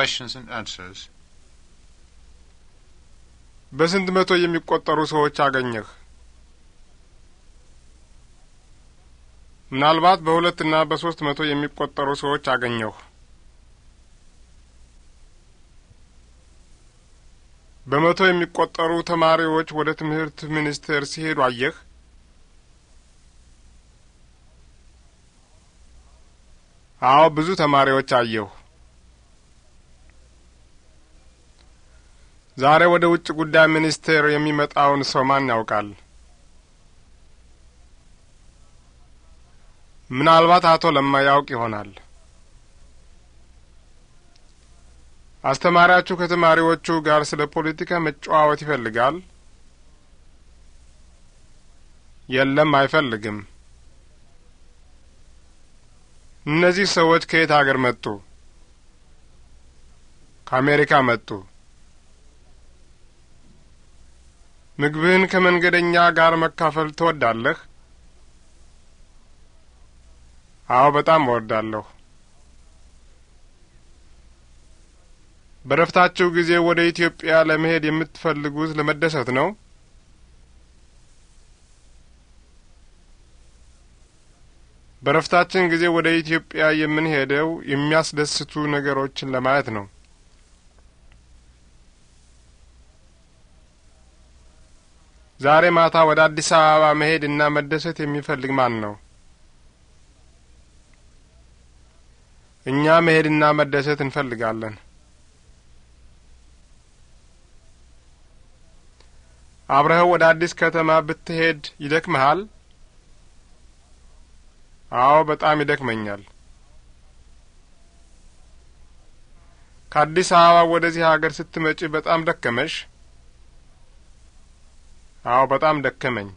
questions and answers. በስንት መቶ የሚቆጠሩ ሰዎች አገኘህ? ምናልባት በሁለትና በሶስት መቶ የሚቆጠሩ ሰዎች አገኘሁ። በመቶ የሚቆጠሩ ተማሪዎች ወደ ትምህርት ሚኒስቴር ሲሄዱ አየህ? አዎ፣ ብዙ ተማሪዎች አየሁ። ዛሬ ወደ ውጭ ጉዳይ ሚኒስቴር የሚመጣውን ሰው ማን ያውቃል? ምናልባት አቶ ለማ ያውቅ ይሆናል። አስተማሪያችሁ ከተማሪዎቹ ጋር ስለ ፖለቲካ መጨዋወት ይፈልጋል? የለም፣ አይፈልግም። እነዚህ ሰዎች ከየት አገር መጡ? ከአሜሪካ መጡ። ምግብህን ከመንገደኛ ጋር መካፈል ትወዳለህ? አዎ፣ በጣም እወዳለሁ። በረፍታችሁ ጊዜ ወደ ኢትዮጵያ ለመሄድ የምትፈልጉት ለመደሰት ነው? በረፍታችን ጊዜ ወደ ኢትዮጵያ የምንሄደው የሚያስደስቱ ነገሮችን ለማየት ነው። ዛሬ ማታ ወደ አዲስ አበባ መሄድ እና መደሰት የሚፈልግ ማን ነው? እኛ መሄድና መደሰት እንፈልጋለን። አብረኸው ወደ አዲስ ከተማ ብትሄድ ይደክመሃል? አዎ፣ በጣም ይደክመኛል። ከአዲስ አበባ ወደዚህ አገር ስትመጪ በጣም ደከመሽ? አዎ፣ በጣም ደከመኝ።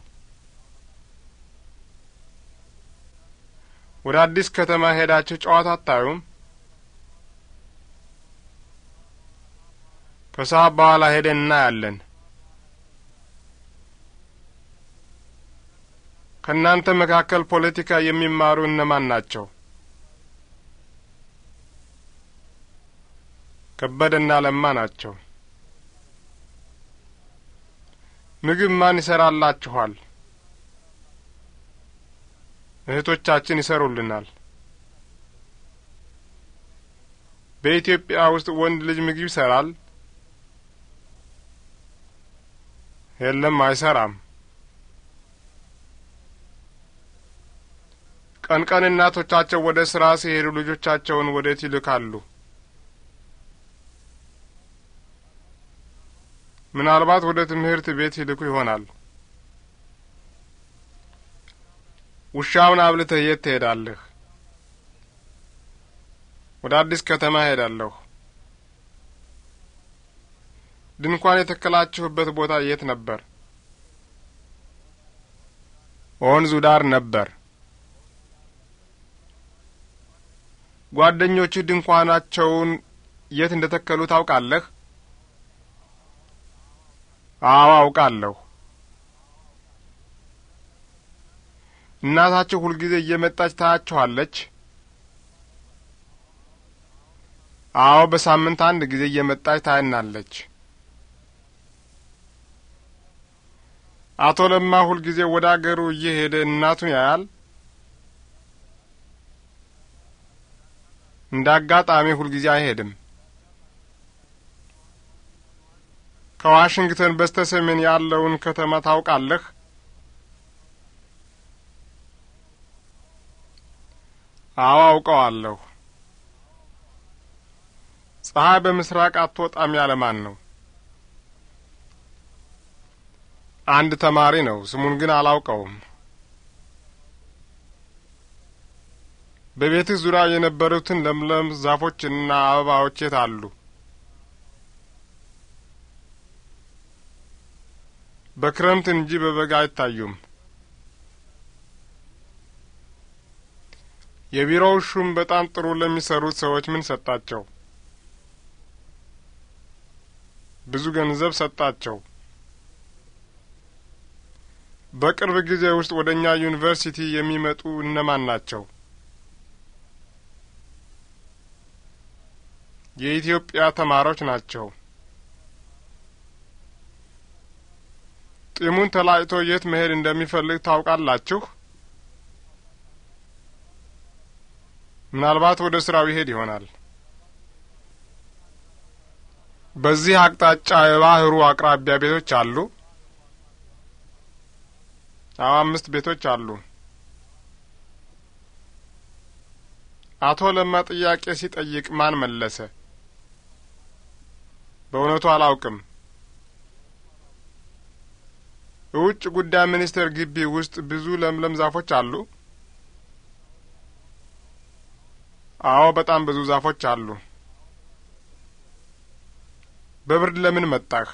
ወደ አዲስ ከተማ ሄዳችሁ ጨዋታ አታዩም? ከሰዓት በኋላ ሄደን እናያለን። ከእናንተ መካከል ፖለቲካ የሚማሩ እነማን ናቸው? ከበደና ለማ ናቸው። ምግብ ማን ይሰራላችኋል? እህቶቻችን ይሰሩልናል። በኢትዮጵያ ውስጥ ወንድ ልጅ ምግብ ይሰራል? የለም፣ አይሰራም። ቀን ቀን እናቶቻቸው ወደ ስራ ሲሄዱ ልጆቻቸውን ወዴት ይልካሉ? ምናልባት ወደ ትምህርት ቤት ይልኩ ይሆናል። ውሻውን አብልተህ የት ትሄዳለህ? ወደ አዲስ ከተማ ሄዳለሁ። ድንኳን የተከላችሁበት ቦታ የት ነበር? ወንዙ ዳር ነበር። ጓደኞችህ ድንኳናቸውን የት እንደ ተከሉ ታውቃለህ? አዎ አውቃለሁ። እናታችሁ ሁልጊዜ እየመጣች ታያችኋለች? አዎ በሳምንት አንድ ጊዜ እየመጣች ታይናለች። አቶ ለማ ሁልጊዜ ወደ አገሩ እየሄደ እናቱን ያያል? እንደ አጋጣሚ ሁልጊዜ አይሄድም። ከዋሽንግተን በስተ ሰሜን ያለውን ከተማ ታውቃለህ? አዎ አውቀዋለሁ። ፀሐይ በምስራቅ አትወጣም ያለ ማን ነው? አንድ ተማሪ ነው። ስሙን ግን አላውቀውም። በቤትህ ዙሪያ የነበሩትን ለምለም ዛፎችና አበባዎች የት አሉ? በክረምት እንጂ በበጋ አይታዩም። የቢሮው ሹም በጣም ጥሩ ለሚሰሩት ሰዎች ምን ሰጣቸው? ብዙ ገንዘብ ሰጣቸው። በቅርብ ጊዜ ውስጥ ወደ እኛ ዩኒቨርሲቲ የሚመጡ እነማን ናቸው? የኢትዮጵያ ተማሪዎች ናቸው። ጢሙን ተላጭቶ የት መሄድ እንደሚፈልግ ታውቃላችሁ? ምናልባት ወደ ስራው ይሄድ ይሆናል። በዚህ አቅጣጫ የባህሩ አቅራቢያ ቤቶች አሉ? አዎ፣ አምስት ቤቶች አሉ። አቶ ለማ ጥያቄ ሲጠይቅ ማን መለሰ? በእውነቱ አላውቅም። ውጭ ጉዳይ ሚኒስቴር ግቢ ውስጥ ብዙ ለምለም ዛፎች አሉ? አዎ፣ በጣም ብዙ ዛፎች አሉ። በብርድ ለምን መጣህ?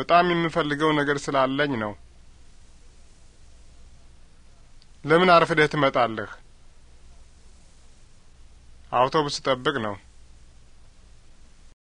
በጣም የምፈልገው ነገር ስላለኝ ነው። ለምን አርፍደህ ትመጣለህ? አውቶቡስ ጠብቅ ነው።